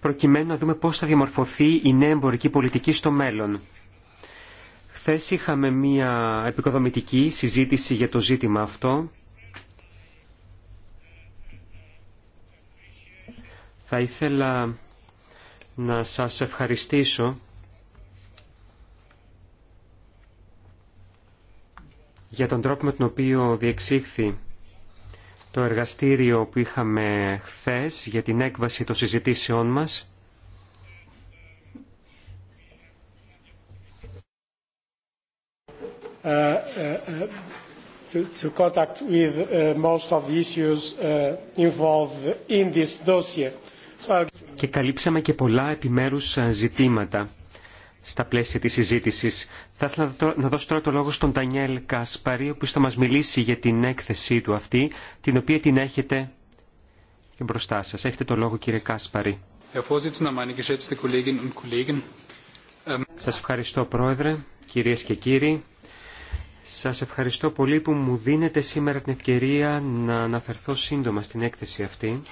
προκειμένου να δούμε πώς θα διαμορφωθεί η νέα εμπορική πολιτική στο μέλλον. Χθε είχαμε μία επικοδομητική συζήτηση για το ζήτημα αυτό. Θα ήθελα να σας ευχαριστήσω για τον τρόπο με τον οποίο διεξήχθη το εργαστήριο που είχαμε χθες για την έκβαση των συζητήσεών μας. Uh, uh, uh, contact with most of the issues involved in this dossier. Και καλύψαμε και πολλά επιμέρους ε, ζητήματα στα πλαίσια της συζήτησης. Θα ήθελα να δώσω τώρα το λόγο στον Τανιέλ Κάσπαρη... που θα μας μιλήσει για την έκθεσή του αυτή, την οποία την έχετε και μπροστά σας. Έχετε το λόγο κύριε Κάσπαρη. Ähm, σας ευχαριστώ πρόεδρε, κυρίες και κύριοι. Σας ευχαριστώ πολύ που μου δίνετε σήμερα την ευκαιρία να αναφερθώ σύντομα στην έκθεση αυτή.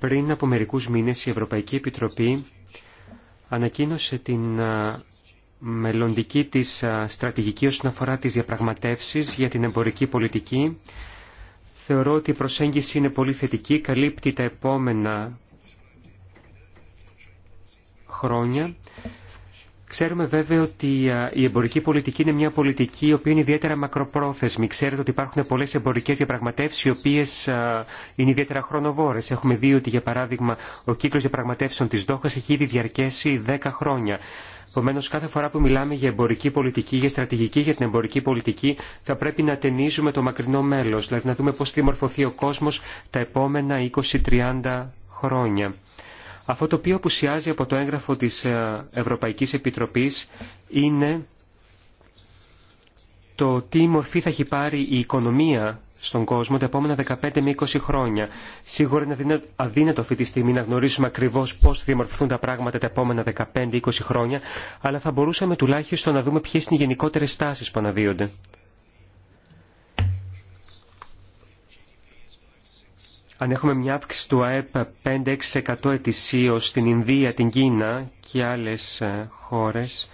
Πριν από μερικούς μήνες η Ευρωπαϊκή Επιτροπή ανακοίνωσε την μελλοντική της στρατηγική όσον αφορά τις διαπραγματεύσεις για την εμπορική πολιτική. Θεωρώ ότι η προσέγγιση είναι πολύ θετική, καλύπτει τα επόμενα χρόνια Ξέρουμε βέβαια ότι ε, η εμπορική πολιτική είναι μια πολιτική η οποία είναι ιδιαίτερα μακροπρόθεσμη. Ξέρετε ότι υπάρχουν πολλέ εμπορικέ διαπραγματεύσει οι οποίε ε, είναι ιδιαίτερα χρονοβόρε. Έχουμε δει ότι για παράδειγμα ο κύκλο διαπραγματεύσεων τη Δόχα έχει ήδη διαρκέσει 10 χρόνια. Επομένω, κάθε φορά που μιλάμε για εμπορική πολιτική, για στρατηγική για την εμπορική πολιτική, θα πρέπει να ταινίζουμε το μακρινό μέλο, δηλαδή να δούμε πώ θα δημορφωθεί ο κόσμο τα επόμενα 20-30 χρόνια. Αυτό το οποίο απουσιάζει από το έγγραφο της ε, Ευρωπαϊκής Επιτροπής είναι το τι μορφή θα έχει πάρει η οικονομία στον κόσμο τα επόμενα 15 με 20 χρόνια. Σίγουρα είναι αδύνατο αυτή τη στιγμή να γνωρίσουμε ακριβώ πώ θα διαμορφωθούν τα πράγματα τα επόμενα 15-20 χρόνια, αλλά θα μπορούσαμε τουλάχιστον να δούμε ποιε είναι οι γενικότερε τάσει που αναδύονται. αν έχουμε μια αύξηση του ΑΕΠ 5-6% ετησίως στην Ινδία, την Κίνα και άλλες ε, χώρες,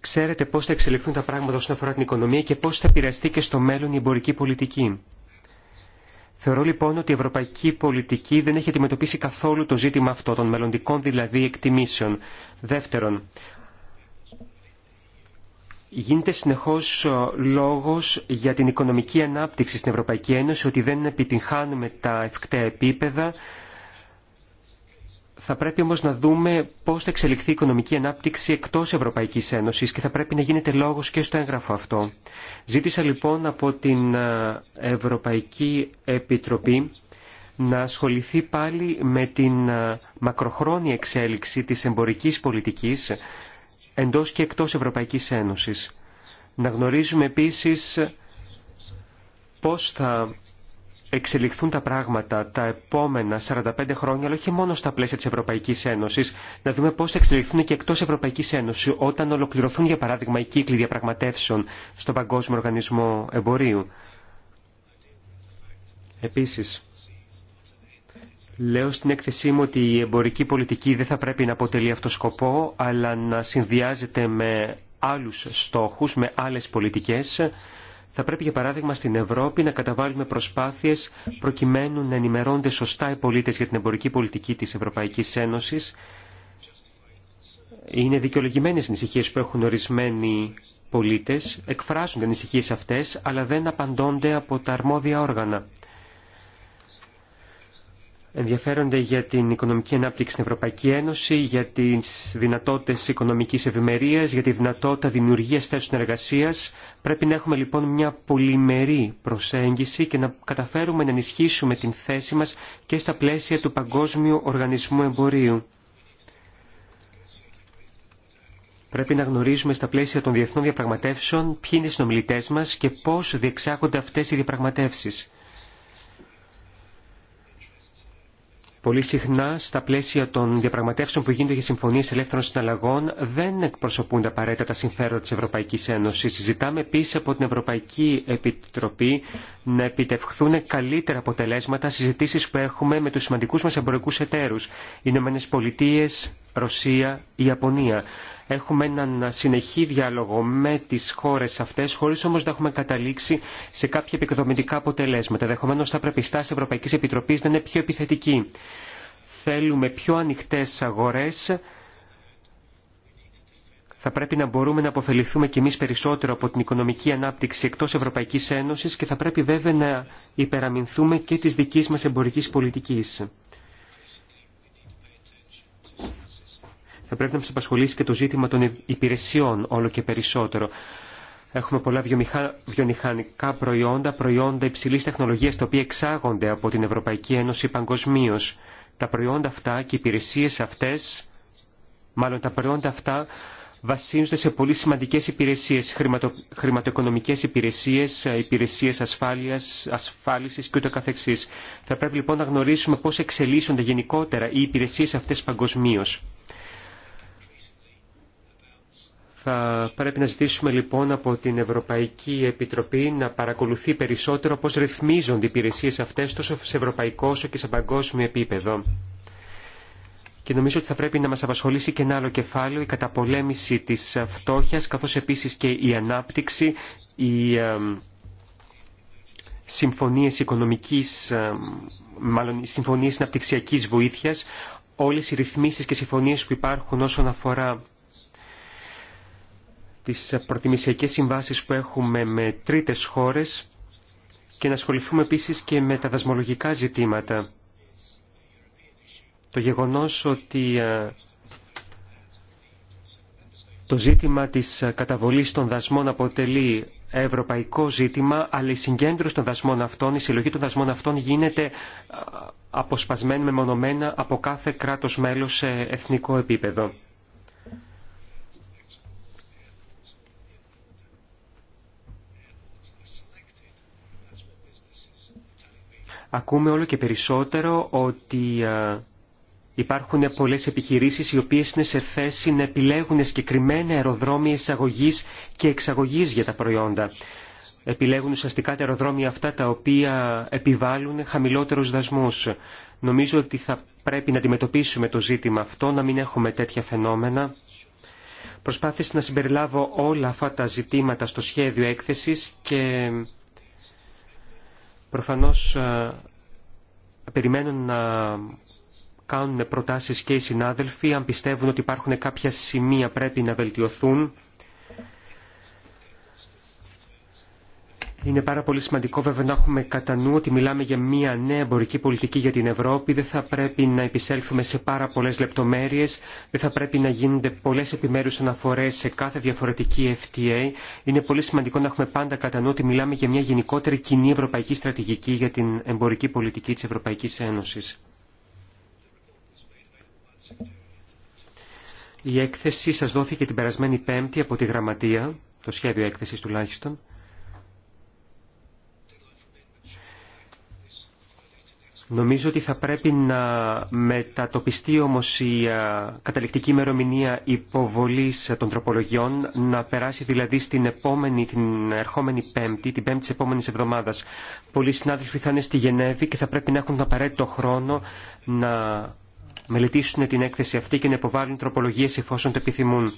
ξέρετε πώς θα εξελιχθούν τα πράγματα όσον αφορά την οικονομία και πώς θα επηρεαστεί και στο μέλλον η εμπορική πολιτική. Θεωρώ λοιπόν ότι η ευρωπαϊκή πολιτική δεν έχει αντιμετωπίσει καθόλου το ζήτημα αυτό των μελλοντικών δηλαδή εκτιμήσεων. Δεύτερον, Γίνεται συνεχώς λόγος για την οικονομική ανάπτυξη στην Ευρωπαϊκή Ένωση, ότι δεν επιτυγχάνουμε τα ευκταία επίπεδα. Θα πρέπει όμως να δούμε πώς θα εξελιχθεί η οικονομική ανάπτυξη εκτός Ευρωπαϊκής Ένωσης και θα πρέπει να γίνεται λόγος και στο έγγραφο αυτό. Ζήτησα λοιπόν από την Ευρωπαϊκή Επιτροπή να ασχοληθεί πάλι με την μακροχρόνια εξέλιξη της εμπορικής πολιτικής εντός και εκτός Ευρωπαϊκής Ένωσης. Να γνωρίζουμε επίσης πώς θα εξελιχθούν τα πράγματα τα επόμενα 45 χρόνια, αλλά όχι μόνο στα πλαίσια της Ευρωπαϊκής Ένωσης, να δούμε πώς θα εξελιχθούν και εκτός Ευρωπαϊκής Ένωσης, όταν ολοκληρωθούν, για παράδειγμα, οι κύκλοι διαπραγματεύσεων στον Παγκόσμιο Οργανισμό Εμπορίου. Επίσης, Λέω στην έκθεσή μου ότι η εμπορική πολιτική δεν θα πρέπει να αποτελεί αυτό σκοπό, αλλά να συνδυάζεται με άλλους στόχους, με άλλες πολιτικές. Θα πρέπει, για παράδειγμα, στην Ευρώπη να καταβάλουμε προσπάθειες προκειμένου να ενημερώνται σωστά οι πολίτες για την εμπορική πολιτική της Ευρωπαϊκής Ένωσης. Είναι δικαιολογημένες ανησυχίε που έχουν ορισμένοι πολίτες, εκφράζουν ανησυχίε αυτές, αλλά δεν απαντώνται από τα αρμόδια όργανα ενδιαφέρονται για την οικονομική ανάπτυξη στην Ευρωπαϊκή Ένωση, για τι δυνατότητε οικονομική ευημερία, για τη δυνατότητα δημιουργία θέσεων εργασία, Πρέπει να έχουμε λοιπόν μια πολυμερή προσέγγιση και να καταφέρουμε να ενισχύσουμε την θέση μα και στα πλαίσια του Παγκόσμιου Οργανισμού Εμπορίου. Πρέπει να γνωρίζουμε στα πλαίσια των διεθνών διαπραγματεύσεων ποιοι είναι οι συνομιλητέ μα και πώ διεξάγονται αυτέ οι διαπραγματεύσει. Πολύ συχνά στα πλαίσια των διαπραγματεύσεων που γίνονται για συμφωνίε ελεύθερων συναλλαγών δεν εκπροσωπούνται απαραίτητα τα συμφέροντα τη Ευρωπαϊκή Ένωση. Συζητάμε επίση από την Ευρωπαϊκή Επιτροπή να επιτευχθούν καλύτερα αποτελέσματα συζητήσει που έχουμε με του σημαντικού μα εμπορικού εταίρου. Ηνωμένε Πολιτείε, Ρωσία, Ιαπωνία. Έχουμε έναν συνεχή διάλογο με τις χώρες αυτές, χωρίς όμως να έχουμε καταλήξει σε κάποια επικοδομητικά αποτελέσματα. Δεχομένως θα πρέπει η στάση Ευρωπαϊκής Επιτροπής να είναι πιο επιθετική. Θέλουμε πιο ανοιχτές αγορές, θα πρέπει να μπορούμε να αποφεληθούμε κι εμείς περισσότερο από την οικονομική ανάπτυξη εκτός Ευρωπαϊκής Ένωσης και θα πρέπει βέβαια να υπεραμεινθούμε και της δικής μας εμπορικής πολιτικής. θα πρέπει να μας απασχολήσει και το ζήτημα των υπηρεσιών όλο και περισσότερο. Έχουμε πολλά βιομηχανικά προϊόντα, προϊόντα υψηλή τεχνολογία, τα οποία εξάγονται από την Ευρωπαϊκή Ένωση παγκοσμίω. Τα προϊόντα αυτά και οι υπηρεσίε αυτέ, μάλλον τα προϊόντα αυτά βασίζονται σε πολύ σημαντικέ υπηρεσίε, χρηματο, χρηματοοικονομικές υπηρεσίε ε, υπηρεσίες ασφάλειας, ασφάλισης και Θα πρέπει λοιπόν να γνωρίσουμε πώ εξελίσσονται γενικότερα οι υπηρεσίε αυτέ παγκοσμίω. Θα πρέπει να ζητήσουμε λοιπόν από την Ευρωπαϊκή Επιτροπή να παρακολουθεί περισσότερο πώς ρυθμίζονται οι υπηρεσίες αυτές τόσο σε ευρωπαϊκό όσο και σε παγκόσμιο επίπεδο. Και νομίζω ότι θα πρέπει να μας απασχολήσει και ένα άλλο κεφάλαιο, η καταπολέμηση της φτώχειας, καθώς επίσης και η ανάπτυξη, οι συμφωνίες οικονομικής, μάλλον οι συμφωνίες αναπτυξιακής βοήθειας, όλες οι ρυθμίσεις και συμφωνίες που υπάρχουν όσον αφορά τις προτιμησιακές συμβάσεις που έχουμε με τρίτες χώρες και να ασχοληθούμε επίσης και με τα δασμολογικά ζητήματα. Το γεγονός ότι ε, το ζήτημα της ε, καταβολής των δασμών αποτελεί ευρωπαϊκό ζήτημα, αλλά η συγκέντρωση των δασμών αυτών, η συλλογή των δασμών αυτών γίνεται ε, αποσπασμένη μεμονωμένα από κάθε κράτος μέλος σε εθνικό επίπεδο. ακούμε όλο και περισσότερο ότι ε, υπάρχουν πολλές επιχειρήσεις οι οποίες είναι σε θέση να επιλέγουν συγκεκριμένα αεροδρόμια εισαγωγής και εξαγωγής για τα προϊόντα. Επιλέγουν ουσιαστικά τα αεροδρόμια αυτά τα οποία επιβάλλουν χαμηλότερους δασμούς. Νομίζω ότι θα πρέπει να αντιμετωπίσουμε το ζήτημα αυτό, να μην έχουμε τέτοια φαινόμενα. Προσπάθησα να συμπεριλάβω όλα αυτά τα ζητήματα στο σχέδιο έκθεσης και Προφανώς ε, περιμένουν να κάνουν προτάσεις και οι συνάδελφοι αν πιστεύουν ότι υπάρχουν κάποια σημεία πρέπει να βελτιωθούν Είναι πάρα πολύ σημαντικό βέβαια να έχουμε κατά νου ότι μιλάμε για μια νέα εμπορική πολιτική για την Ευρώπη. Δεν θα πρέπει να επισέλθουμε σε πάρα πολλέ λεπτομέρειε. Δεν θα πρέπει να γίνονται πολλέ επιμέρου αναφορέ σε κάθε διαφορετική FTA. Είναι πολύ σημαντικό να έχουμε πάντα κατά νου ότι μιλάμε για μια γενικότερη κοινή ευρωπαϊκή στρατηγική για την εμπορική πολιτική τη Ευρωπαϊκή Ένωση. Η έκθεση σας δόθηκε την περασμένη Πέμπτη από τη Γραμματεία, το σχέδιο έκθεσης τουλάχιστον. Νομίζω ότι θα πρέπει να μετατοπιστεί όμως η καταληκτική ημερομηνία υποβολής των τροπολογιών να περάσει δηλαδή στην επόμενη, την ερχόμενη πέμπτη, την πέμπτη της επόμενη εβδομάδας. Πολλοί συνάδελφοι θα είναι στη Γενέβη και θα πρέπει να έχουν τον απαραίτητο χρόνο να μελετήσουν την έκθεση αυτή και να υποβάλουν τροπολογίες εφόσον το επιθυμούν.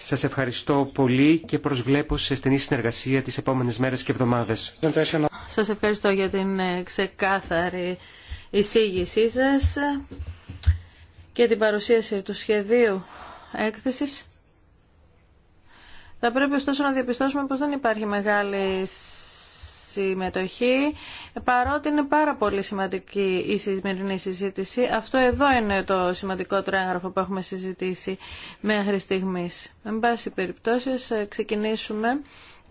Σας ευχαριστώ πολύ και προσβλέπω σε στενή συνεργασία τις επόμενες μέρες και εβδομάδες. Σας ευχαριστώ για την ε, ξεκάθαρη εισήγησή σας και την παρουσίαση του σχεδίου έκθεσης. Θα πρέπει ωστόσο να διαπιστώσουμε πως δεν υπάρχει μεγάλη συμμετοχή. Παρότι είναι πάρα πολύ σημαντική η σημερινή συζήτηση, αυτό εδώ είναι το σημαντικότερο έγγραφο που έχουμε συζητήσει μέχρι στιγμή. Με πάση περιπτώσεις, ε, ξεκινήσουμε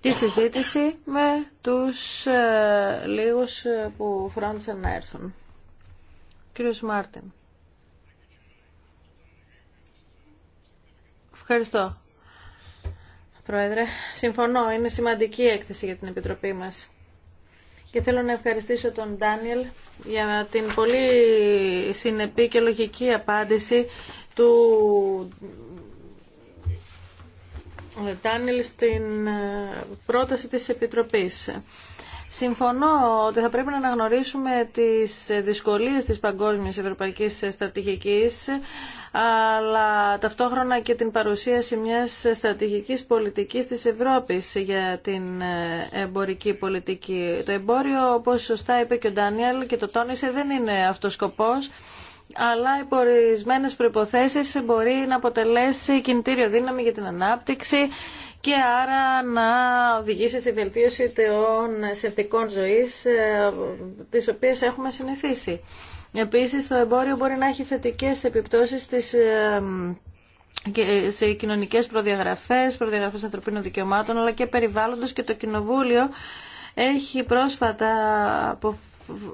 τη συζήτηση με τους ε, λίγους ε, που φρόντισαν να έρθουν. Κύριο Μάρτιν. Ευχαριστώ. Πρόεδρε, συμφωνώ. Είναι σημαντική έκθεση για την Επιτροπή μας και θέλω να ευχαριστήσω τον Ντάνιελ για την πολύ συνεπή και λογική απάντηση του Ντάνιελ στην ε, πρόταση της Επιτροπής. Συμφωνώ ότι θα πρέπει να αναγνωρίσουμε τις δυσκολίες της παγκόσμιας ευρωπαϊκής στρατηγικής, αλλά ταυτόχρονα και την παρουσίαση μιας στρατηγικής πολιτικής της Ευρώπης για την εμπορική πολιτική. Το εμπόριο, όπως σωστά είπε και ο Ντάνιελ και το τόνισε, δεν είναι αυτός σκοπός αλλά οι ορισμένε προποθέσει μπορεί να αποτελέσει κινητήριο δύναμη για την ανάπτυξη και άρα να οδηγήσει στη βελτίωση των συνθηκών ζωής ε, τις οποίες έχουμε συνηθίσει. Επίσης το εμπόριο μπορεί να έχει θετικές επιπτώσεις στις ε, σε κοινωνικές προδιαγραφές, προδιαγραφές ανθρωπίνων δικαιωμάτων, αλλά και περιβάλλοντος και το Κοινοβούλιο έχει πρόσφατα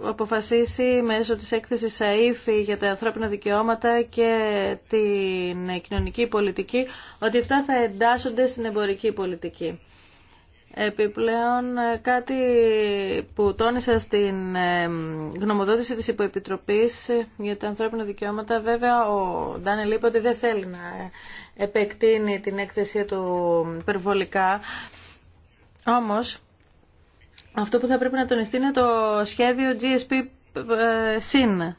αποφασίσει μέσω της έκθεσης ΑΕΦΗ για τα ανθρώπινα δικαιώματα και την κοινωνική πολιτική ότι αυτά θα εντάσσονται στην εμπορική πολιτική. Επιπλέον κάτι που τόνισα στην γνωμοδότηση της Υποεπιτροπής για τα ανθρώπινα δικαιώματα βέβαια ο Ντάνελ είπε ότι δεν θέλει να επεκτείνει την έκθεση του υπερβολικά όμως αυτό που θα πρέπει να τονιστεί είναι το σχέδιο GSP SIN. Ε,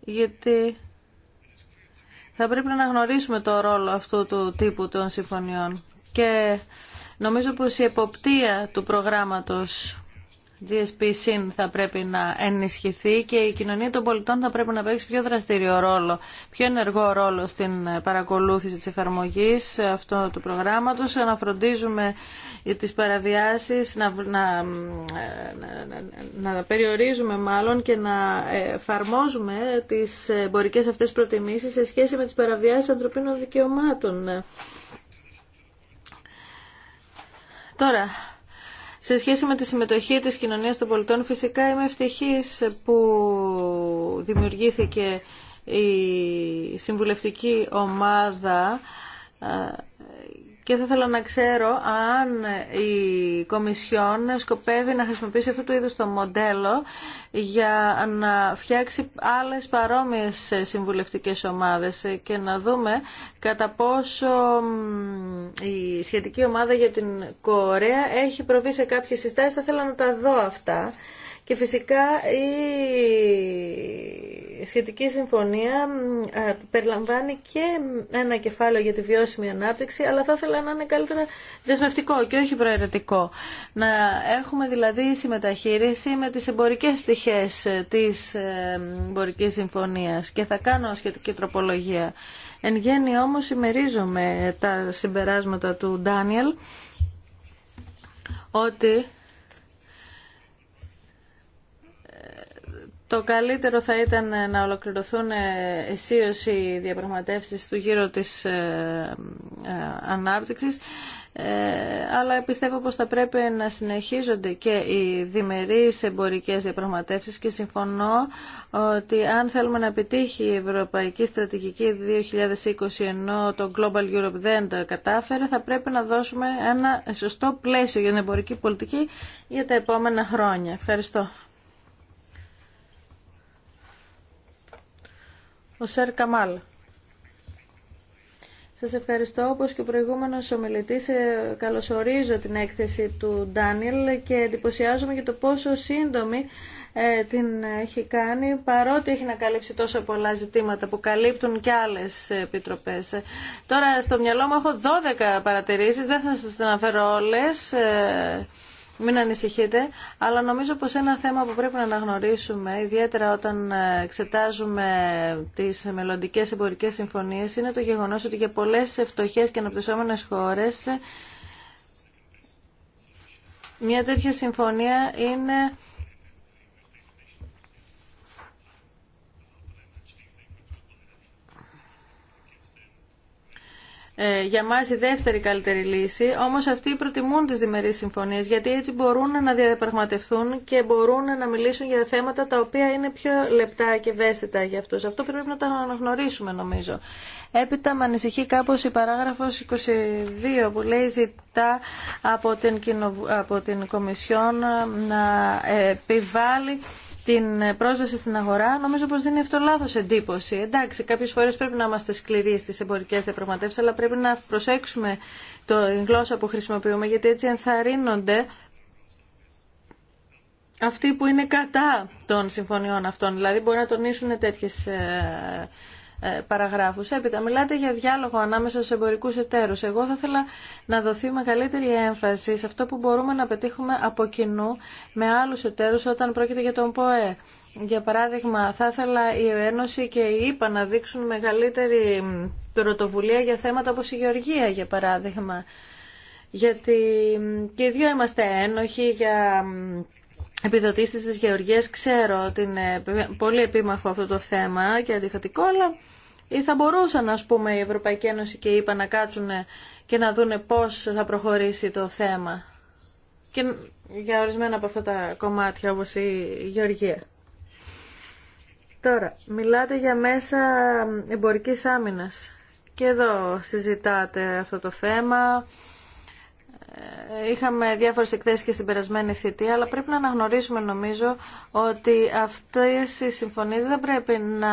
Γιατί θα πρέπει να αναγνωρίσουμε το ρόλο αυτού του τύπου των συμφωνιών. Και νομίζω πως η εποπτεία του προγράμματος GSP θα πρέπει να ενισχυθεί και η κοινωνία των πολιτών θα πρέπει να παίξει πιο δραστηριό ρόλο, πιο ενεργό ρόλο στην παρακολούθηση της εφαρμογής αυτού του προγράμματος, να φροντίζουμε τις παραβιάσεις, να, ε, να, να, περιορίζουμε μάλλον και να εφαρμόζουμε τις εμπορικέ αυτές προτιμήσεις σε σχέση με τις παραβιάσεις ανθρωπίνων δικαιωμάτων. Τώρα, σε σχέση με τη συμμετοχή της κοινωνίας των πολιτών, φυσικά είμαι ευτυχής που δημιουργήθηκε η συμβουλευτική ομάδα ε, και θα ήθελα να ξέρω αν η Κομισιόν σκοπεύει να χρησιμοποιήσει αυτού του είδους το μοντέλο για να φτιάξει άλλες παρόμοιες συμβουλευτικές ομάδες και να δούμε κατά πόσο η σχετική ομάδα για την Κορέα έχει προβεί σε κάποιες συστάσεις. Θα ήθελα να τα δω αυτά. Και φυσικά η σχετική συμφωνία ε, περιλαμβάνει και ένα κεφάλαιο για τη βιώσιμη ανάπτυξη, αλλά θα ήθελα να είναι καλύτερα δεσμευτικό και όχι προαιρετικό. Να έχουμε δηλαδή συμμεταχείριση με τις εμπορικές πτυχές της ε, εμπορικής συμφωνίας και θα κάνω σχετική τροπολογία. Εν γέννη όμως ημερίζομαι τα συμπεράσματα του Ντάνιελ ότι Το καλύτερο θα ήταν ε, να ολοκληρωθούν εσίως οι διαπραγματεύσεις του γύρω της ε, ε, ανάπτυξης, αλλά πιστεύω πως θα πρέπει να συνεχίζονται και οι διμερείς εμπορικές διαπραγματεύσεις και συμφωνώ ότι αν θέλουμε να επιτύχει η Ευρωπαϊκή Στρατηγική 2020 ενώ το Global Europe δεν το κατάφερε, θα πρέπει να δώσουμε ένα σωστό πλαίσιο για την εμπορική πολιτική για τα επόμενα χρόνια. Ευχαριστώ. ο Σερ Καμάλ. Σας ευχαριστώ. Όπως και ο προηγούμενος ομιλητής, ε, καλωσορίζω την έκθεση του Ντάνιλ και εντυπωσιάζομαι για το πόσο σύντομη ε, την έχει κάνει, παρότι έχει να καλύψει τόσο πολλά ζητήματα που καλύπτουν και άλλες επιτροπές. Τώρα, στο μυαλό μου έχω 12 παρατηρήσεις, δεν θα σας αναφέρω όλες. Ε, μην ανησυχείτε, αλλά νομίζω πως ένα θέμα που πρέπει να αναγνωρίσουμε, ιδιαίτερα όταν εξετάζουμε τις μελλοντικέ εμπορικές συμφωνίες, είναι το γεγονός ότι για πολλές φτωχές και αναπτυσσόμενες χώρες μια τέτοια συμφωνία είναι Ε, για μας η δεύτερη καλύτερη λύση, όμως αυτοί προτιμούν τις διμερείς συμφωνίες, γιατί έτσι μπορούν να διαπραγματευτούν και μπορούν να μιλήσουν για θέματα τα οποία είναι πιο λεπτά και ευαίσθητα για αυτούς. Αυτό πρέπει να το αναγνωρίσουμε νομίζω. Έπειτα με ανησυχεί κάπως η παράγραφος 22 που λέει ζητά από την, από την Κομισιόν να επιβάλλει την πρόσβαση στην αγορά, νομίζω πως δίνει αυτό λάθο εντύπωση. Εντάξει, κάποιες φορές πρέπει να είμαστε σκληροί στι εμπορικέ διαπραγματεύσει, αλλά πρέπει να προσέξουμε το, την γλώσσα που χρησιμοποιούμε, γιατί έτσι ενθαρρύνονται αυτοί που είναι κατά των συμφωνιών αυτών. Δηλαδή μπορεί να τονίσουν τέτοιες ε, ε, παραγράφους. Έπειτα, μιλάτε για διάλογο ανάμεσα στους εμπορικούς εταίρους. Εγώ θα ήθελα να δοθεί μεγαλύτερη έμφαση σε αυτό που μπορούμε να πετύχουμε από κοινού με άλλους εταίρους όταν πρόκειται για τον ΠΟΕ. Για παράδειγμα, θα ήθελα η Ένωση και η ΕΠΑ να δείξουν μεγαλύτερη πρωτοβουλία για θέματα όπως η Γεωργία, για παράδειγμα. Γιατί και οι δύο είμαστε ένοχοι για επιδοτήσεις της Γεωργίας. Ξέρω ότι είναι πολύ επίμαχο αυτό το θέμα και αντιφατικό, αλλά ή θα μπορούσαν ας πούμε η Ευρωπαϊκή Ένωση και η ΕΠΑ ΕΕ να κάτσουν και να δούνε πώς θα προχωρήσει το θέμα και για ορισμένα από αυτά τα κομμάτια όπως η Γεωργία. Τώρα, μιλάτε για μέσα εμπορικής άμυνας και εδώ συζητάτε αυτό το θέμα είχαμε διάφορες εκθέσεις και στην περασμένη θητεία, αλλά πρέπει να αναγνωρίσουμε νομίζω ότι αυτές οι συμφωνίες δεν πρέπει να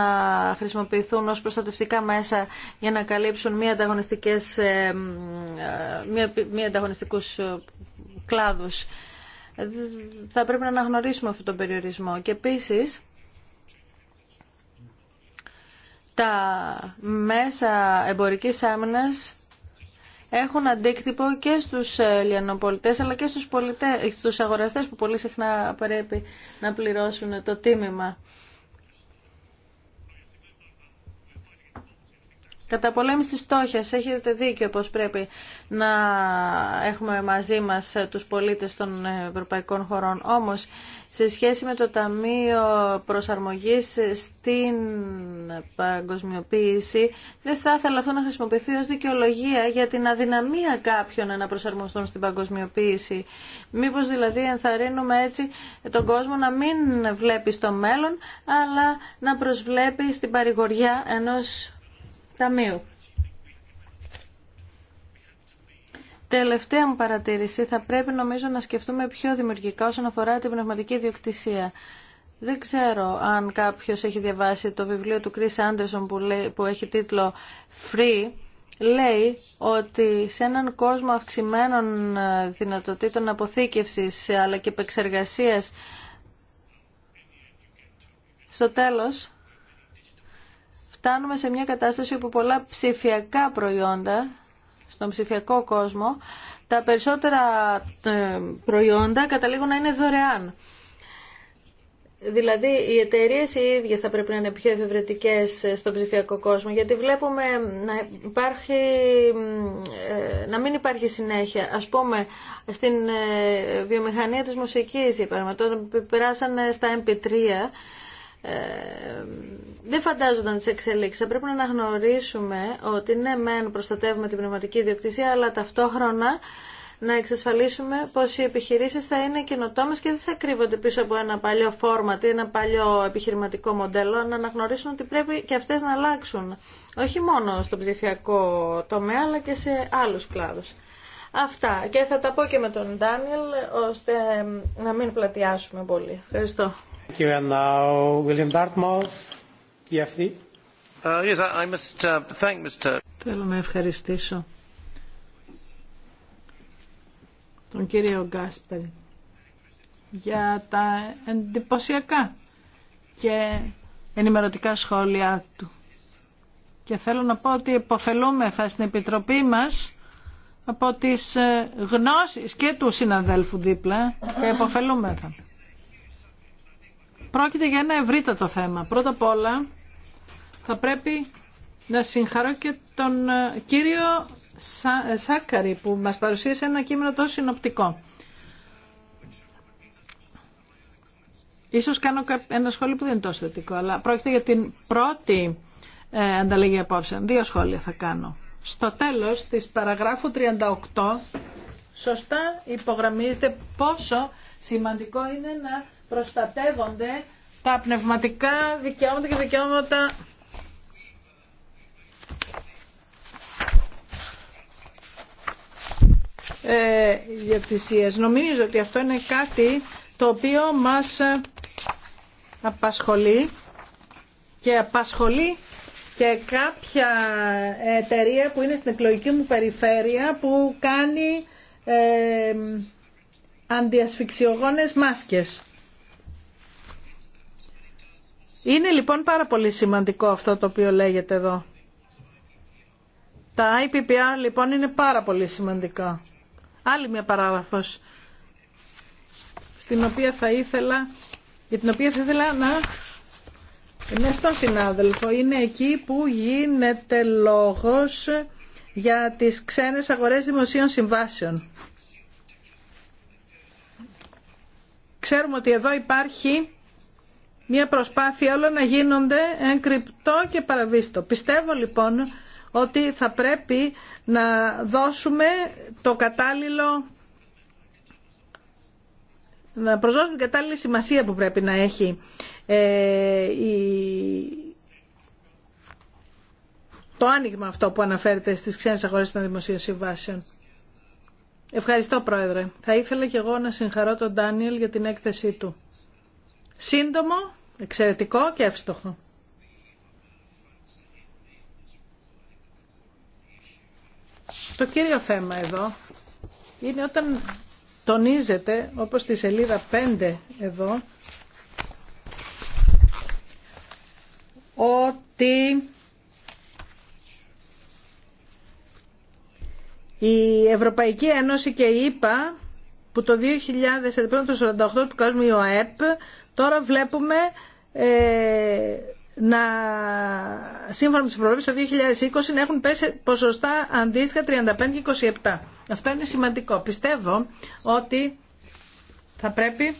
χρησιμοποιηθούν ως προστατευτικά μέσα για να καλύψουν μη, ανταγωνιστικές, ε, ε, μη, ανταγωνιστικούς ε, κλάδους. Θα πρέπει να αναγνωρίσουμε αυτόν τον περιορισμό. Και επίσης, τα μέσα εμπορικής άμυνας έχουν αντίκτυπο και στους ε, λιανοπολιτές αλλά και στους, πολιτές, στους αγοραστές που πολύ συχνά πρέπει να πληρώσουν το τίμημα. Καταπολέμηση της στόχιας. Έχετε δίκιο πως πρέπει να έχουμε μαζί μας τους πολίτες των ευρωπαϊκών χωρών. Όμως, σε σχέση με το Ταμείο Προσαρμογής στην παγκοσμιοποίηση, δεν θα ήθελα αυτό να χρησιμοποιηθεί ως δικαιολογία για την αδυναμία κάποιων να προσαρμοστούν στην παγκοσμιοποίηση. Μήπως δηλαδή ενθαρρύνουμε έτσι τον κόσμο να μην βλέπει στο μέλλον, αλλά να προσβλέπει στην παρηγοριά ενός Ταμείου. Τελευταία μου παρατήρηση, θα πρέπει νομίζω να σκεφτούμε πιο δημιουργικά όσον αφορά την πνευματική διοκτησία. Δεν ξέρω αν κάποιος έχει διαβάσει το βιβλίο του Chris Anderson που, λέει, που έχει τίτλο «Free», λέει ότι σε έναν κόσμο αυξημένων ε, δυνατοτήτων αποθήκευσης ε, αλλά και επεξεργασίας στο τέλος φτάνουμε σε μια κατάσταση όπου πολλά ψηφιακά προϊόντα στον ψηφιακό κόσμο, τα περισσότερα προϊόντα καταλήγουν να είναι δωρεάν. Δηλαδή, οι εταιρείε οι ίδιε θα πρέπει να είναι πιο εφευρετικέ στον ψηφιακό κόσμο, γιατί βλέπουμε να, υπάρχει, να μην υπάρχει συνέχεια. Α πούμε, στην βιομηχανία τη μουσική, είπαμε, τώρα περάσανε στα MP3, ε, δεν φαντάζονταν τι εξελίξει. Θα πρέπει να αναγνωρίσουμε ότι ναι, μεν προστατεύουμε την πνευματική ιδιοκτησία, αλλά ταυτόχρονα να εξασφαλίσουμε πω οι επιχειρήσει θα είναι καινοτόμε και δεν θα κρύβονται πίσω από ένα παλιό φόρματ ή ένα παλιό επιχειρηματικό μοντέλο, να αναγνωρίσουν ότι πρέπει και αυτέ να αλλάξουν. Όχι μόνο στο ψηφιακό τομέα, αλλά και σε άλλου κλάδου. Αυτά. Και θα τα πω και με τον Ντάνιελ, ώστε να μην πλατιάσουμε πολύ. Ευχαριστώ. Θέλω να ευχαριστήσω τον κύριο Γκάσπερ για τα εντυπωσιακά και ενημερωτικά σχόλιά του. Και θέλω να πω ότι υποφελούμεθα στην Επιτροπή μας από τις ε, γνώσεις και του συναδέλφου δίπλα και υποφελούμεθα. Πρόκειται για ένα ευρύτατο θέμα. Πρώτα απ' όλα θα πρέπει να συγχαρώ και τον ε, κύριο ε, Σάκαρη που μας παρουσίασε ένα κείμενο τόσο συνοπτικό. Ίσως κάνω ένα σχόλιο που δεν είναι τόσο θετικό, αλλά πρόκειται για την πρώτη ε, ανταλλαγή απόψε. Δύο σχόλια θα κάνω. Στο τέλος της παραγράφου 38 σωστά υπογραμμίζεται πόσο σημαντικό είναι να προστατεύονται τα πνευματικά δικαιώματα και δικαιώματα ε, διατησίες. Νομίζω ότι αυτό είναι κάτι το οποίο μας απασχολεί και απασχολεί και κάποια εταιρεία που είναι στην εκλογική μου περιφέρεια που κάνει ε, αντιασφυξιογόνες μάσκες. Είναι λοιπόν πάρα πολύ σημαντικό αυτό το οποίο λέγεται εδώ. Τα IPPR λοιπόν είναι πάρα πολύ σημαντικά. Άλλη μια παράγραφος στην οποία θα ήθελα, για την οποία θα ήθελα να είναι στον συνάδελφο. Είναι εκεί που γίνεται λόγος για τις ξένες αγορές δημοσίων συμβάσεων. Ξέρουμε ότι εδώ υπάρχει μια προσπάθεια όλα να γίνονται εν κρυπτό και παραβίστο. Πιστεύω λοιπόν ότι θα πρέπει να δώσουμε το κατάλληλο να προσδώσουμε κατάλληλη σημασία που πρέπει να έχει ε, το άνοιγμα αυτό που αναφέρεται στις ξένες αγορές των δημοσίων συμβάσεων. Ευχαριστώ Πρόεδρε. Θα ήθελα και εγώ να συγχαρώ τον Ντάνιελ για την έκθεσή του σύντομο, εξαιρετικό και εύστοχο. Το κύριο θέμα εδώ είναι όταν τονίζεται, όπως στη σελίδα 5 εδώ, ότι η Ευρωπαϊκή Ένωση και η ΕΠΑ που το 2048 ε, του η ΑΕΠ τώρα βλέπουμε ε, να σύμφωνα με τις προβλέψεις το 2020 να έχουν πέσει ποσοστά αντίστοιχα 35 και 27. Αυτό είναι σημαντικό. Πιστεύω ότι θα πρέπει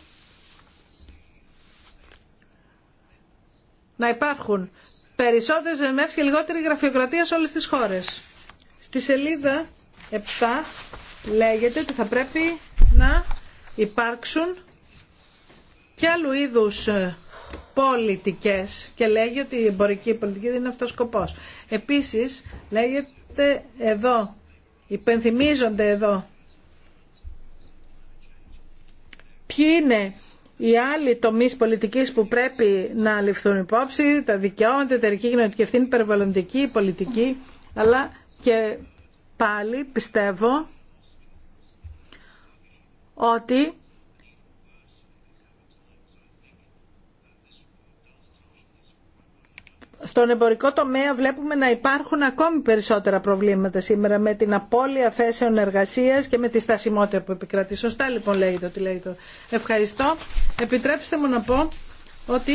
να υπάρχουν περισσότερες ζεμεύσεις και λιγότερη γραφειοκρατία σε όλες τις χώρες. Στη σελίδα 7 λέγεται ότι θα πρέπει να υπάρξουν και άλλου είδους ε, πολιτικές και λέγει ότι η εμπορική πολιτική δεν είναι αυτός ο σκοπός. Επίσης λέγεται εδώ, υπενθυμίζονται εδώ ποιοι είναι οι άλλοι τομεί πολιτική που πρέπει να ληφθούν υπόψη, τα δικαιώματα, εταιρική κοινωνική ευθύνη, περιβαλλοντική, πολιτική, αλλά και πάλι πιστεύω ότι στον εμπορικό τομέα βλέπουμε να υπάρχουν ακόμη περισσότερα προβλήματα σήμερα με την απώλεια θέσεων εργασίας και με τη στασιμότητα που επικρατεί. Σωστά λοιπόν λέγεται ότι λέγεται. Ευχαριστώ. Επιτρέψτε μου να πω ότι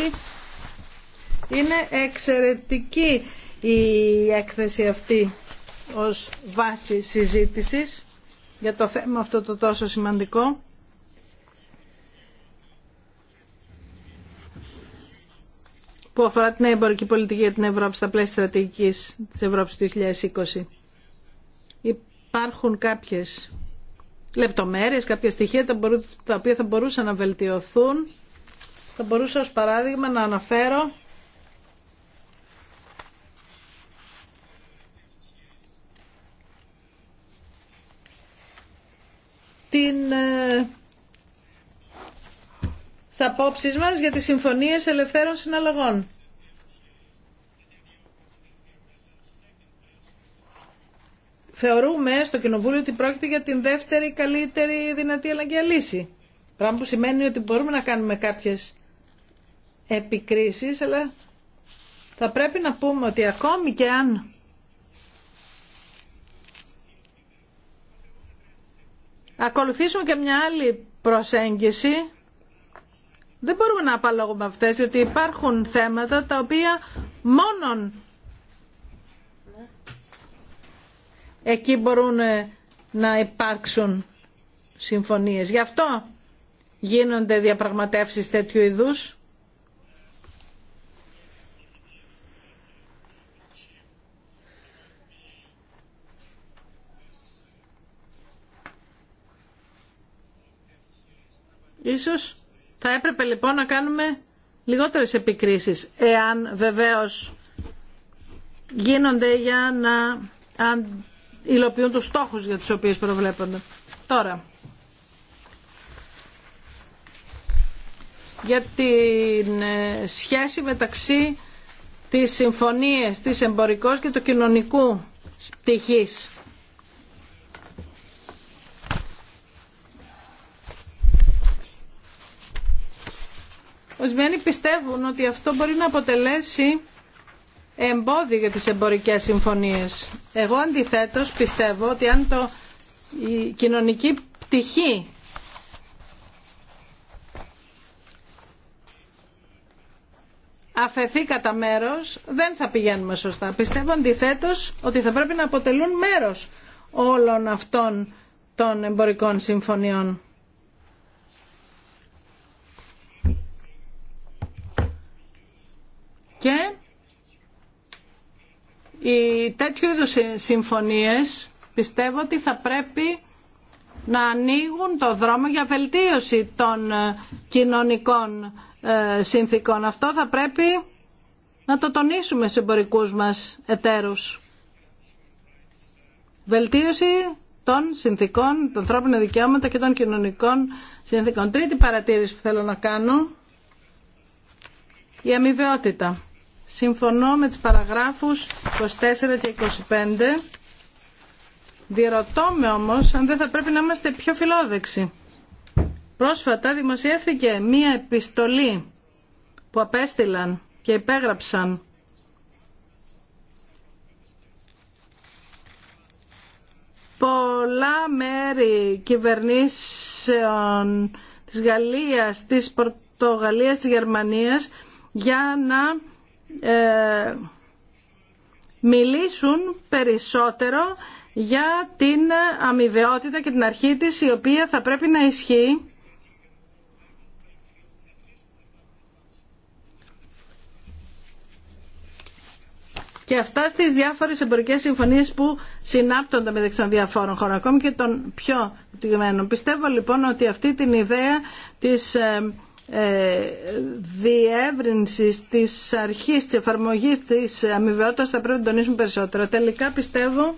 είναι εξαιρετική η έκθεση αυτή ως βάση συζήτησης για το θέμα αυτό το τόσο σημαντικό. που αφορά την εμπορική πολιτική για την Ευρώπη στα πλαίσια στρατηγικής της Ευρώπης του 2020. Υπάρχουν κάποιες λεπτομέρειες, κάποια στοιχεία τα οποία θα μπορούσαν να βελτιωθούν. Θα μπορούσα ως παράδειγμα να αναφέρω την τις ε, απόψεις μας για τις συμφωνίες ελευθέρων συναλλαγών. Θεωρούμε στο Κοινοβούλιο ότι πρόκειται για την δεύτερη καλύτερη δυνατή αλλαγή λύση. Πράγμα που σημαίνει ότι μπορούμε να κάνουμε κάποιες επικρίσεις, αλλά θα πρέπει να πούμε ότι ακόμη και αν ακολουθήσουμε και μια άλλη προσέγγιση, δεν μπορούμε να απαλλαγούμε αυτές, διότι υπάρχουν θέματα τα οποία μόνον εκεί μπορούν να υπάρξουν συμφωνίες. Γι' αυτό γίνονται διαπραγματεύσεις τέτοιου είδους Ίσως θα έπρεπε λοιπόν να κάνουμε λιγότερες επικρίσεις, εάν βεβαίως γίνονται για να υλοποιούν τους στόχους για τους οποίους προβλέπονται. Τώρα, για τη ε, σχέση μεταξύ της συμφωνίας της εμπορικός και του κοινωνικού πτυχής. Ορισμένοι πιστεύουν ότι αυτό μπορεί να αποτελέσει εμπόδιο για τις εμπορικές συμφωνίες. Εγώ αντιθέτως πιστεύω ότι αν το, η κοινωνική πτυχή αφαιθεί κατά μέρος, δεν θα πηγαίνουμε σωστά. Πιστεύω αντιθέτως ότι θα πρέπει να αποτελούν μέρος όλων αυτών των εμπορικών συμφωνιών. και οι τέτοιου είδους συμφωνίες πιστεύω ότι θα πρέπει να ανοίγουν το δρόμο για βελτίωση των ε, κοινωνικών ε, συνθήκων. Αυτό θα πρέπει να το τονίσουμε σε εμπορικού μας εταίρους. Βελτίωση των συνθήκων, των ανθρώπινων δικαιώματα και των κοινωνικών συνθήκων. Τρίτη παρατήρηση που θέλω να κάνω, η αμοιβαιότητα. Συμφωνώ με τις παραγράφους 24 και 25. Διερωτώ με όμως αν δεν θα πρέπει να είμαστε πιο φιλόδεξοι. Πρόσφατα δημοσιεύθηκε μία επιστολή που απέστειλαν και υπέγραψαν πολλά μέρη κυβερνήσεων της Γαλλίας, της Πορτογαλίας, της Γερμανίας για να ε, μιλήσουν περισσότερο για την αμοιβαιότητα και την αρχή της η οποία θα πρέπει να ισχύει και αυτά στις διάφορες εμπορικές συμφωνίες που συνάπτονται μεταξύ των διαφόρων χωρών, ακόμη και των πιο διγμένων. Πιστεύω λοιπόν ότι αυτή την ιδέα της ε, ε, διεύρυνση τη αρχής τη εφαρμογή τη αμοιβαιότητα θα πρέπει να τονίσουμε περισσότερο. Τελικά πιστεύω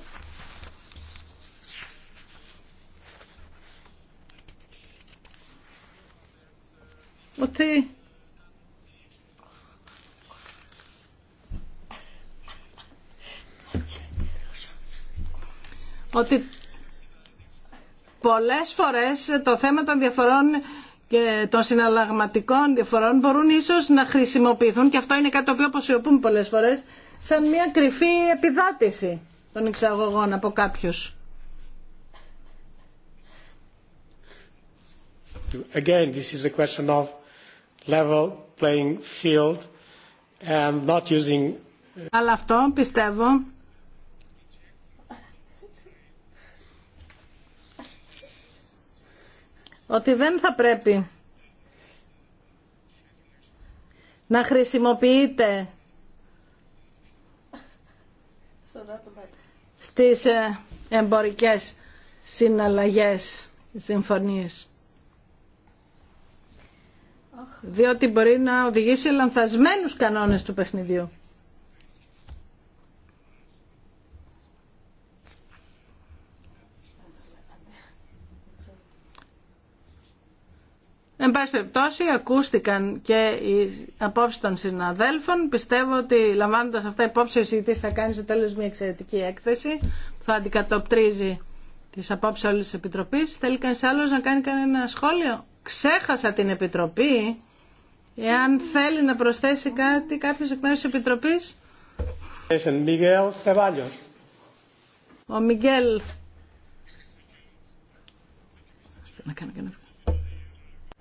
ότι ότι πολλές φορές το θέμα των διαφορών και των συναλλαγματικών διαφορών μπορούν ίσως να χρησιμοποιηθούν και αυτό είναι κάτι το οποίο αποσιωπούμε πολλές φορές σαν μια κρυφή επιδάτηση των εξαγωγών από κάποιους. Αλλά αυτό πιστεύω ότι δεν θα πρέπει να χρησιμοποιείτε στις ε, εμπορικές συναλλαγές, συμφωνίες. Διότι μπορεί να οδηγήσει λανθασμένους κανόνες του παιχνιδιού. Εν πάση περιπτώσει, ακούστηκαν και οι απόψει των συναδέλφων. Πιστεύω ότι λαμβάνοντα αυτά υπόψη, ο συζητή θα κάνει στο τέλο μια εξαιρετική έκθεση που θα αντικατοπτρίζει τι απόψει όλη τη Επιτροπή. Θέλει κανεί άλλο να κάνει κανένα σχόλιο. Ξέχασα την Επιτροπή. Εάν θέλει να προσθέσει κάτι κάποιο εκ μέρου τη Επιτροπή. Ο Μιγγέλ.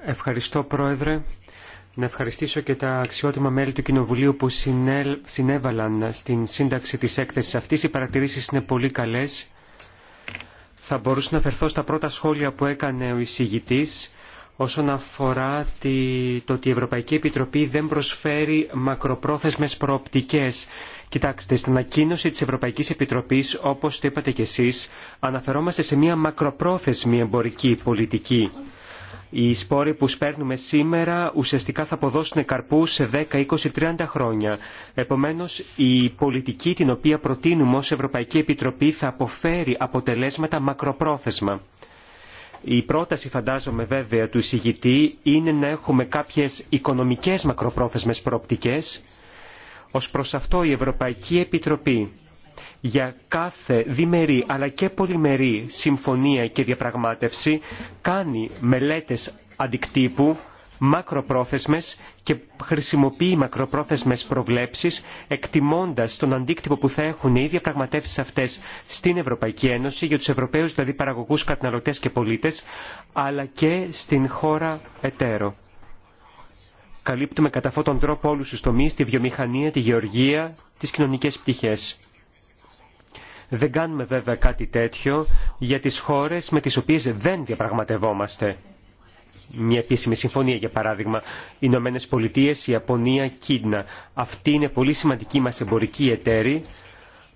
Ευχαριστώ Πρόεδρε. Να ευχαριστήσω και τα αξιότιμα μέλη του Κοινοβουλίου που συνέβαλαν στην σύνταξη της έκθεσης αυτής. Οι παρατηρήσεις είναι πολύ καλές. Θα μπορούσα να αφαιρθώ στα πρώτα σχόλια που έκανε ο εισηγητής όσον αφορά το ότι η Ευρωπαϊκή Επιτροπή δεν προσφέρει μακροπρόθεσμες προοπτικές. Κοιτάξτε, στην ανακοίνωση της Ευρωπαϊκής Επιτροπής, όπως το είπατε κι εσείς, αναφερόμαστε σε μια μακροπρόθεσμη εμπορική πολιτική οι σπόροι που σπέρνουμε σήμερα ουσιαστικά θα αποδώσουν καρπού σε 10, 20, 30 χρόνια. Επομένως, η πολιτική την οποία προτείνουμε ως Ευρωπαϊκή Επιτροπή θα αποφέρει αποτελέσματα μακροπρόθεσμα. Η πρόταση φαντάζομαι βέβαια του εισηγητή είναι να έχουμε κάποιες οικονομικές μακροπρόθεσμε προοπτικές. Ως προ αυτό η Ευρωπαϊκή Επιτροπή για κάθε διμερή αλλά και πολυμερή συμφωνία και διαπραγμάτευση κάνει μελέτες αντικτύπου μακροπρόθεσμες και χρησιμοποιεί μακροπρόθεσμες προβλέψεις εκτιμώντας τον αντίκτυπο που θα έχουν οι διαπραγματεύσεις αυτές στην Ευρωπαϊκή Ένωση για τους Ευρωπαίους δηλαδή παραγωγούς καταναλωτές και πολίτες αλλά και στην χώρα εταίρο. Καλύπτουμε κατά αυτόν τον τρόπο όλους τους τομείς, τη βιομηχανία, τη γεωργία, τις κοινωνικές πτυχές. Δεν κάνουμε βέβαια κάτι τέτοιο για τις χώρες με τις οποίες δεν διαπραγματευόμαστε. Μια επίσημη συμφωνία, για παράδειγμα, η Ηνωμένε Πολιτείε, η Ιαπωνία, Κίνα. Αυτή είναι πολύ σημαντική μας εμπορική εταίροι,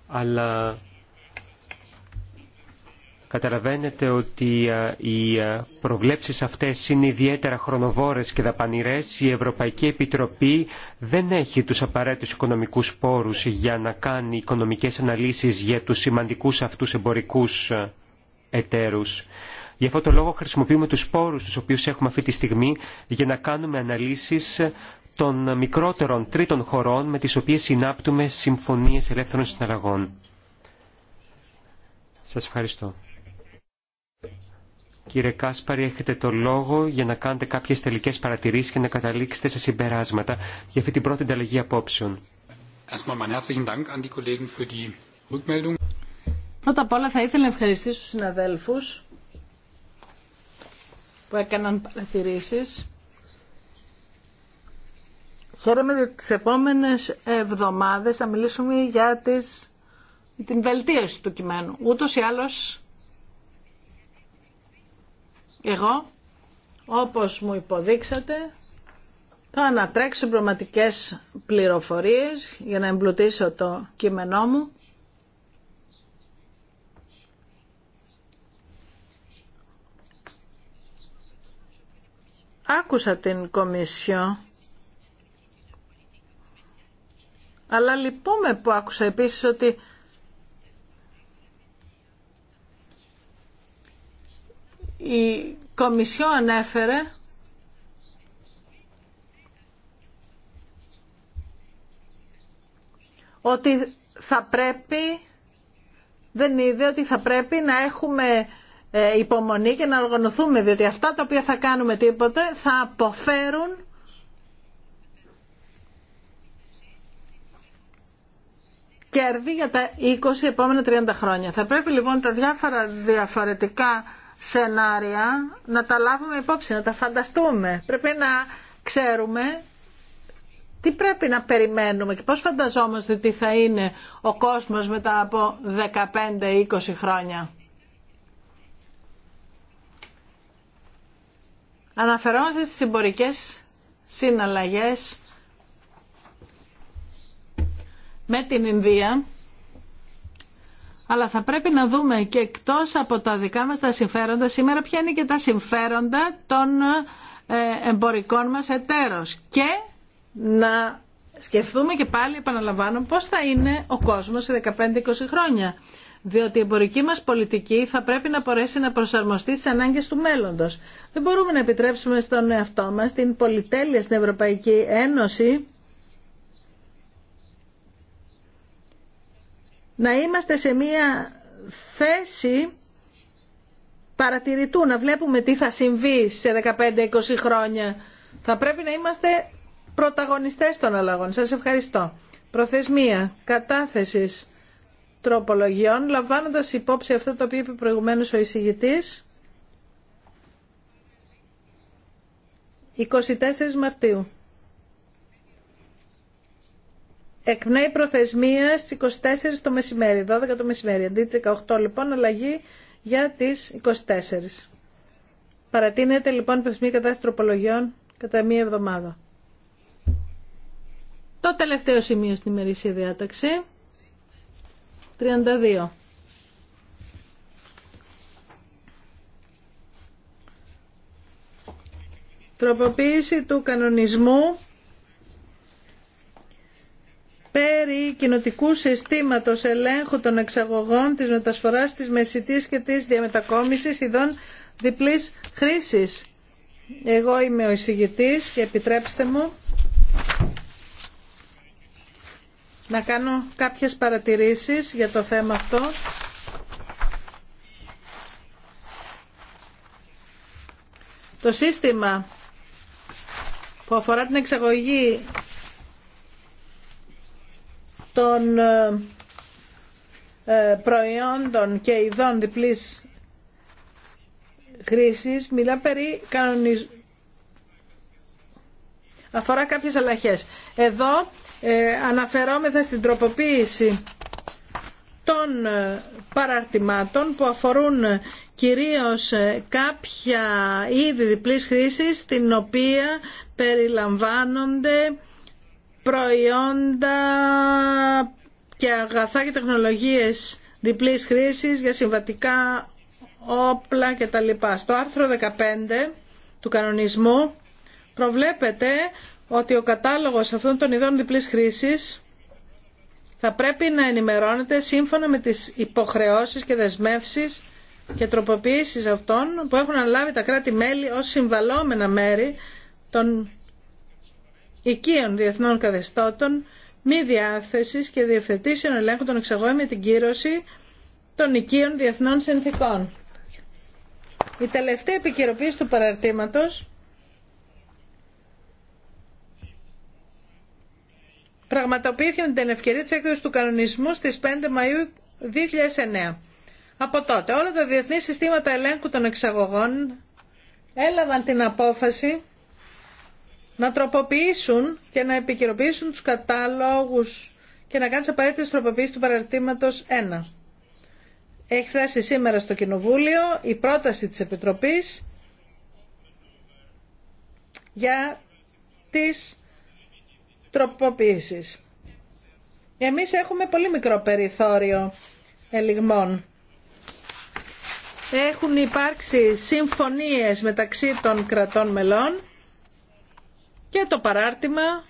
αλλά Καταλαβαίνετε ότι οι προβλέψεις αυτές είναι ιδιαίτερα χρονοβόρες και δαπανηρές. Η Ευρωπαϊκή Επιτροπή δεν έχει τους απαραίτητους οικονομικούς πόρους για να κάνει οικονομικές αναλύσεις για τους σημαντικούς αυτούς εμπορικούς εταίρους. Γι' αυτό το λόγο χρησιμοποιούμε τους πόρους τους οποίους έχουμε αυτή τη στιγμή για να κάνουμε αναλύσεις των μικρότερων τρίτων χωρών με τις οποίες συνάπτουμε συμφωνίες ελεύθερων συναλλαγών. Σας ευχαριστώ. Κύριε Κάσπαρη, έχετε το λόγο για να κάνετε κάποιες τελικές παρατηρήσεις και να καταλήξετε σε συμπεράσματα για αυτή την πρώτη ανταλλαγή απόψεων. Πρώτα απ' όλα θα ήθελα να ευχαριστήσω τους συναδέλφους που έκαναν παρατηρήσεις. Χαίρομαι ότι τις επόμενες εβδομάδες θα μιλήσουμε για τις... την βελτίωση του κειμένου. Ούτως ή άλλως εγώ, όπως μου υποδείξατε, θα ανατρέξω πραγματικές πληροφορίες για να εμπλουτίσω το κείμενό μου. Άκουσα την Κομισιό, αλλά λυπούμε που άκουσα επίσης ότι Η Κομισιό ανέφερε ότι θα πρέπει, δεν είδε ότι θα πρέπει να έχουμε ε, υπομονή και να οργανωθούμε, διότι αυτά τα οποία θα κάνουμε τίποτε θα αποφέρουν κέρδη για τα 20 επόμενα 30 χρόνια. Θα πρέπει λοιπόν τα διάφορα διαφορετικά σενάρια να τα λάβουμε υπόψη, να τα φανταστούμε. Πρέπει να ξέρουμε τι πρέπει να περιμένουμε και πώς φανταζόμαστε τι θα είναι ο κόσμος μετά από 15-20 χρόνια. Αναφερόμαστε στις συμπορικές συναλλαγές με την Ινδία αλλά θα πρέπει να δούμε και εκτός από τα δικά μας τα συμφέροντα σήμερα ποια είναι και τα συμφέροντα των ε, εμπορικών μας εταίρων και να σκεφτούμε και πάλι επαναλαμβάνω πώς θα είναι ο κόσμος σε 15-20 χρόνια διότι η εμπορική μας πολιτική θα πρέπει να μπορέσει να προσαρμοστεί στις ανάγκες του μέλλοντος. Δεν μπορούμε να επιτρέψουμε στον εαυτό μας την πολυτέλεια στην Ευρωπαϊκή Ένωση να είμαστε σε μία θέση παρατηρητού, να βλέπουμε τι θα συμβεί σε 15-20 χρόνια. Θα πρέπει να είμαστε πρωταγωνιστές των αλλαγών. Σας ευχαριστώ. Προθεσμία κατάθεσης τροπολογιών, λαμβάνοντας υπόψη αυτό το οποίο είπε προηγουμένως ο εισηγητής, 24 Μαρτίου. Εκπνέει προθεσμία στι 24 το μεσημέρι, 12 το μεσημέρι. Αντί 18 λοιπόν, αλλαγή για τις 24. Παρατείνεται λοιπόν η προθεσμία κατάσταση τροπολογιών κατά μία εβδομάδα. Το τελευταίο σημείο στην ημερήσια διάταξη. 32. Τροποποίηση του κανονισμού περί κοινοτικού συστήματος ελέγχου των εξαγωγών, της μετασφοράς, της μεσητής και της διαμετακόμισης ειδών διπλής χρήσης. Εγώ είμαι ο εισηγητής και επιτρέψτε μου να κάνω κάποιες παρατηρήσεις για το θέμα αυτό. Το σύστημα που αφορά την εξαγωγή των ε, ε, προϊόντων και ειδών διπλής χρήσης μιλά περί κανονισ... αφορά κάποιες αλλαχές. Εδώ ε, αναφερόμεθα στην τροποποίηση των ε, παραρτημάτων που αφορούν κυρίως κάποια είδη διπλής χρήσης στην οποία περιλαμβάνονται προϊόντα και αγαθά και τεχνολογίες διπλής χρήσης για συμβατικά όπλα κτλ. Στο άρθρο 15 του κανονισμού προβλέπεται ότι ο κατάλογος αυτών των ειδών διπλής χρήσης θα πρέπει να ενημερώνεται σύμφωνα με τις υποχρεώσεις και δεσμεύσεις και τροποποιήσεις αυτών που έχουν αναλάβει τα κράτη-μέλη ως συμβαλόμενα μέρη των οικείων διεθνών καθεστώτων μη διάθεση και διευθετήσεων ελέγχου των εξαγωγών με την κύρωση των οικείων διεθνών συνθήκων. Η τελευταία επικαιροποίηση του παραρτήματος πραγματοποιήθηκε με την ευκαιρία τη έκδοση του κανονισμού στις 5 Μαΐου 2009. Από τότε όλα τα διεθνή συστήματα ελέγχου των εξαγωγών έλαβαν την απόφαση να τροποποιήσουν και να επικαιροποιήσουν τους κατάλογους και να κάνουν απαραίτητες απαραίτητε του παραρτήματος 1. Έχει φτάσει σήμερα στο Κοινοβούλιο η πρόταση της Επιτροπής για τις τροποποιήσεις. Εμείς έχουμε πολύ μικρό περιθώριο ελιγμών. Έχουν υπάρξει συμφωνίες μεταξύ των κρατών μελών και το παράρτημα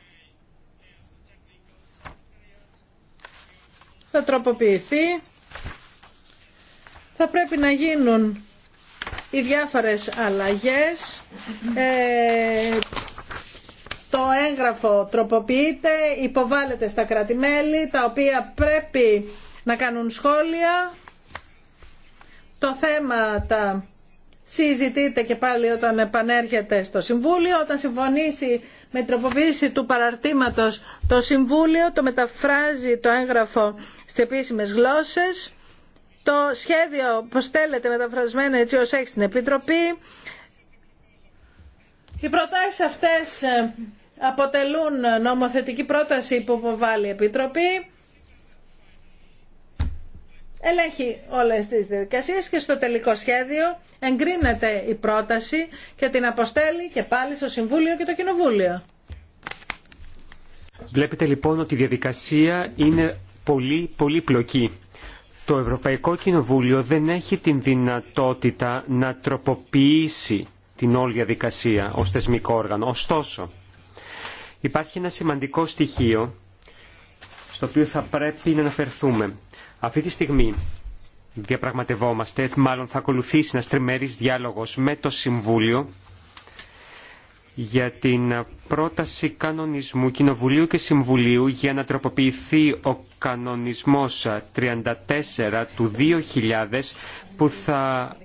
θα τροποποιηθεί. Θα πρέπει να γίνουν οι διάφορες αλλαγές. Ε, το έγγραφο τροποποιείται, υποβάλλεται στα κρατημέλη, τα οποία πρέπει να κάνουν σχόλια. Το θέμα τα συζητείτε και πάλι όταν επανέρχεται στο Συμβούλιο, όταν συμφωνήσει με τροποποίηση του παραρτήματος το Συμβούλιο, το μεταφράζει το έγγραφο στις επίσημες γλώσσες, το σχέδιο στέλνεται μεταφρασμένο έτσι ως έχει στην Επιτροπή. Οι προτάσεις αυτές αποτελούν νομοθετική πρόταση που αποβάλλει η Επιτροπή ελέγχει όλες τις διαδικασίες και στο τελικό σχέδιο εγκρίνεται η πρόταση και την αποστέλει και πάλι στο Συμβούλιο και το Κοινοβούλιο. Βλέπετε λοιπόν ότι η διαδικασία είναι πολύ πολύ πολύπλοκη. Το Ευρωπαϊκό Κοινοβούλιο δεν έχει την δυνατότητα να τροποποιήσει την όλη διαδικασία ως θεσμικό όργανο. Ωστόσο, υπάρχει ένα σημαντικό στοιχείο στο οποίο θα πρέπει να αναφερθούμε. Αυτή τη στιγμή διαπραγματευόμαστε, μάλλον θα ακολουθήσει ένα τριμέρη διάλογος με το Συμβούλιο για την πρόταση κανονισμού Κοινοβουλίου και Συμβουλίου για να τροποποιηθεί ο κανονισμός 34 του 2000 που θα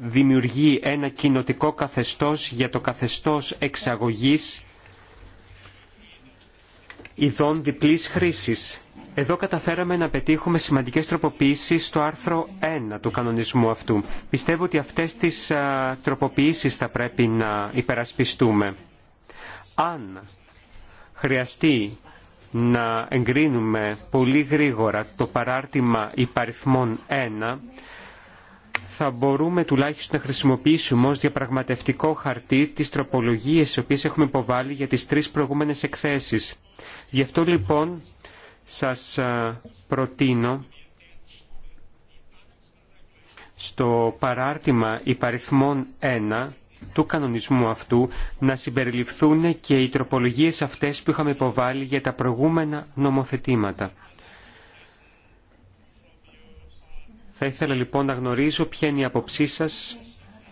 δημιουργεί ένα κοινοτικό καθεστώς για το καθεστώς εξαγωγής ειδών διπλής χρήσης εδώ καταφέραμε να πετύχουμε σημαντικές τροποποιήσεις στο άρθρο 1 του κανονισμού αυτού. Πιστεύω ότι αυτές τις τροποποιήσεις θα πρέπει να υπερασπιστούμε. Αν χρειαστεί να εγκρίνουμε πολύ γρήγορα το παράρτημα υπαριθμών 1, θα μπορούμε τουλάχιστον να χρησιμοποιήσουμε ως διαπραγματευτικό χαρτί τις τροπολογίες οι οποίες έχουμε υποβάλει για τις τρεις προηγούμενες εκθέσεις. Γι' αυτό λοιπόν σας προτείνω στο παράρτημα υπαριθμών 1 του κανονισμού αυτού να συμπεριληφθούν και οι τροπολογίες αυτές που είχαμε υποβάλει για τα προηγούμενα νομοθετήματα. Θα ήθελα λοιπόν να γνωρίζω ποια είναι η αποψή σας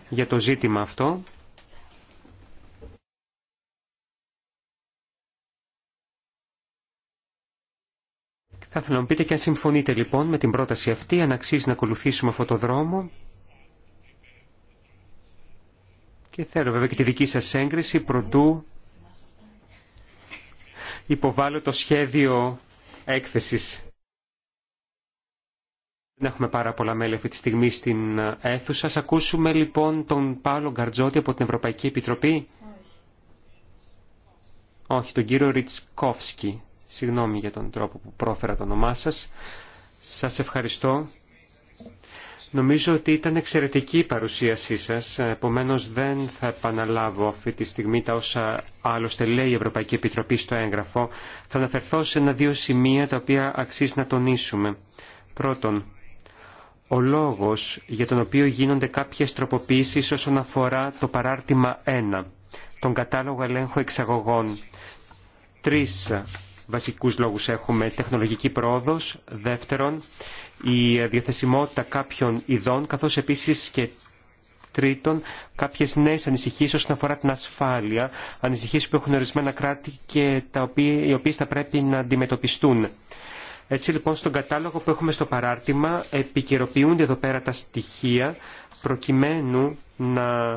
για το ζήτημα αυτό. Θα ήθελα να μου πείτε και αν συμφωνείτε λοιπόν με την πρόταση αυτή, αν αξίζει να ακολουθήσουμε αυτό το δρόμο. Και θέλω βέβαια και τη δική σας έγκριση προτού υποβάλλω το σχέδιο έκθεσης. Δεν έχουμε πάρα πολλά μέλη αυτή τη στιγμή στην αίθουσα. Σας ακούσουμε λοιπόν τον Πάολο Γκαρτζότη από την Ευρωπαϊκή Επιτροπή. Όχι, τον κύριο Ριτσκόφσκι. Συγγνώμη για τον τρόπο που πρόφερα το όνομά σας. Σας ευχαριστώ. Νομίζω ότι ήταν εξαιρετική η παρουσίασή σας, επομένως δεν θα επαναλάβω αυτή τη στιγμή τα όσα άλλωστε λέει η Ευρωπαϊκή Επιτροπή στο έγγραφο. Θα αναφερθώ σε ένα-δύο σημεία τα οποία αξίζει να τονίσουμε. Πρώτον, ο λόγος για τον οποίο γίνονται κάποιες τροποποίησεις όσον αφορά το παράρτημα 1, τον κατάλογο ελέγχου εξαγωγών. Τρεις βασικούς λόγους έχουμε τεχνολογική πρόοδος, δεύτερον η διαθεσιμότητα κάποιων ειδών, καθώς επίσης και τρίτον κάποιες νέες ανησυχίες όσον αφορά την ασφάλεια, ανησυχίες που έχουν ορισμένα κράτη και τα οποία, οι οποίες θα πρέπει να αντιμετωπιστούν. Έτσι λοιπόν στον κατάλογο που έχουμε στο παράρτημα επικαιροποιούνται εδώ πέρα τα στοιχεία προκειμένου να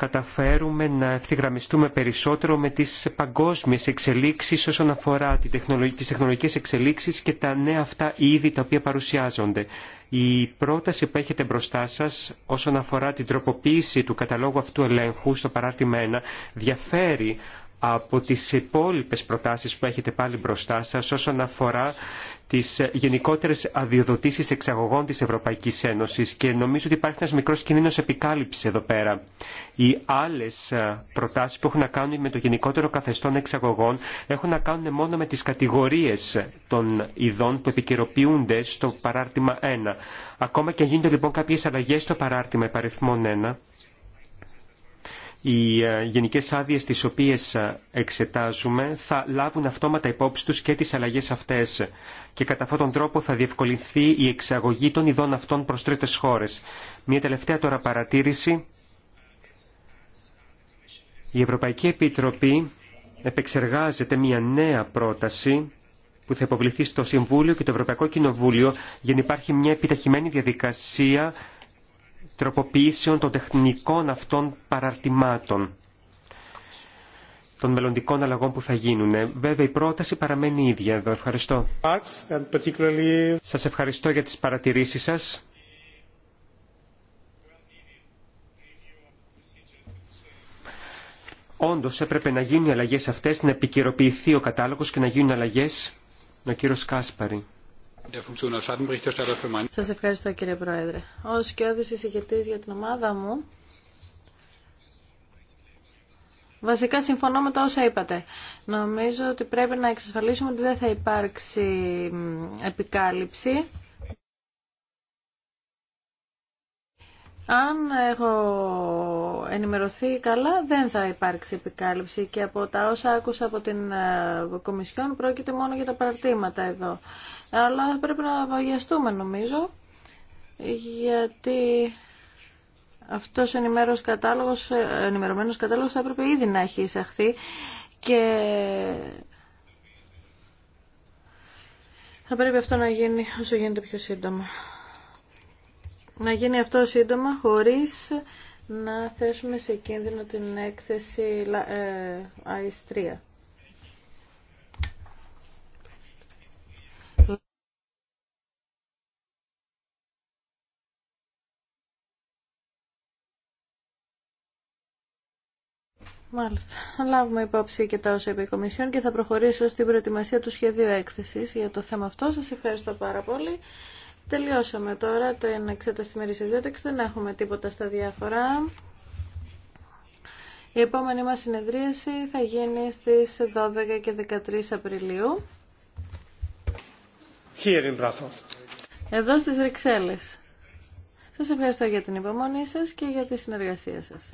καταφέρουμε να ευθυγραμμιστούμε περισσότερο με τις παγκόσμιες εξελίξεις όσον αφορά τις τεχνολογικές εξελίξεις και τα νέα αυτά είδη τα οποία παρουσιάζονται. Η πρόταση που έχετε μπροστά σας όσον αφορά την τροποποίηση του καταλόγου αυτού ελέγχου στο παράρτημα 1 διαφέρει από τις υπόλοιπες προτάσεις που έχετε πάλι μπροστά σας όσον αφορά τις γενικότερες αδειοδοτήσεις εξαγωγών της Ευρωπαϊκής Ένωσης και νομίζω ότι υπάρχει ένας μικρός κινδύνος επικάλυψης εδώ πέρα. Οι άλλες ε, προτάσεις που έχουν να κάνουν με το γενικότερο καθεστών εξαγωγών έχουν να κάνουν μόνο με τις κατηγορίες των ειδών που επικαιροποιούνται στο παράρτημα 1. Ακόμα και γίνονται λοιπόν κάποιες αλλαγές στο παράρτημα υπαριθμών 1 οι ε, γενικές άδειες τις οποίες ε, εξετάζουμε θα λάβουν αυτόματα υπόψη τους και τις αλλαγές αυτές και κατά αυτόν τον τρόπο θα διευκολυνθεί η εξαγωγή των ειδών αυτών προς τρίτες χώρες. Μια τελευταία τώρα παρατήρηση. Η Ευρωπαϊκή Επιτροπή επεξεργάζεται μια νέα πρόταση που θα υποβληθεί στο Συμβούλιο και το Ευρωπαϊκό Κοινοβούλιο για να υπάρχει μια επιταχυμένη διαδικασία τροποποιήσεων των τεχνικών αυτών παραρτημάτων των μελλοντικών αλλαγών που θα γίνουν. Βέβαια, η πρόταση παραμένει ίδια εδώ. Ευχαριστώ. Particularly... Σας ευχαριστώ για τι παρατηρήσει σα. Όντω έπρεπε να γίνουν οι αλλαγές αυτές, να επικαιροποιηθεί ο κατάλογος και να γίνουν αλλαγές. Ο κύριο Κάσπαρη. Σας ευχαριστώ κύριε Πρόεδρε. Ως και εισηγητής για την ομάδα μου, Βασικά συμφωνώ με τα όσα είπατε. Νομίζω ότι πρέπει να εξασφαλίσουμε ότι δεν θα υπάρξει επικάλυψη Αν έχω ενημερωθεί καλά, δεν θα υπάρξει επικάλυψη και από τα όσα άκουσα από την ε, Κομισιόν πρόκειται μόνο για τα παρτήματα εδώ. Αλλά θα πρέπει να βαγιαστούμε νομίζω, γιατί αυτός ο κατάλογος, ε, ενημερωμένος κατάλογος θα έπρεπε ήδη να έχει εισαχθεί και θα πρέπει αυτό να γίνει όσο γίνεται πιο σύντομα να γίνει αυτό σύντομα χωρίς να θέσουμε σε κίνδυνο την έκθεση ε, αιστρία. Μάλιστα. Λάβουμε υπόψη και τα όσα είπε η Κομισιόν και θα προχωρήσω στην προετοιμασία του σχεδίου έκθεσης για το θέμα αυτό. Σας ευχαριστώ πάρα πολύ. Τελειώσαμε τώρα το εξέταση μερικής διάταξης. Δεν έχουμε τίποτα στα διάφορα. Η επόμενη μας συνεδρίαση θα γίνει στις 12 και 13 Απριλίου. Εδώ στις Ρυξέλλες. Σας ευχαριστώ για την υπομονή σας και για τη συνεργασία σας.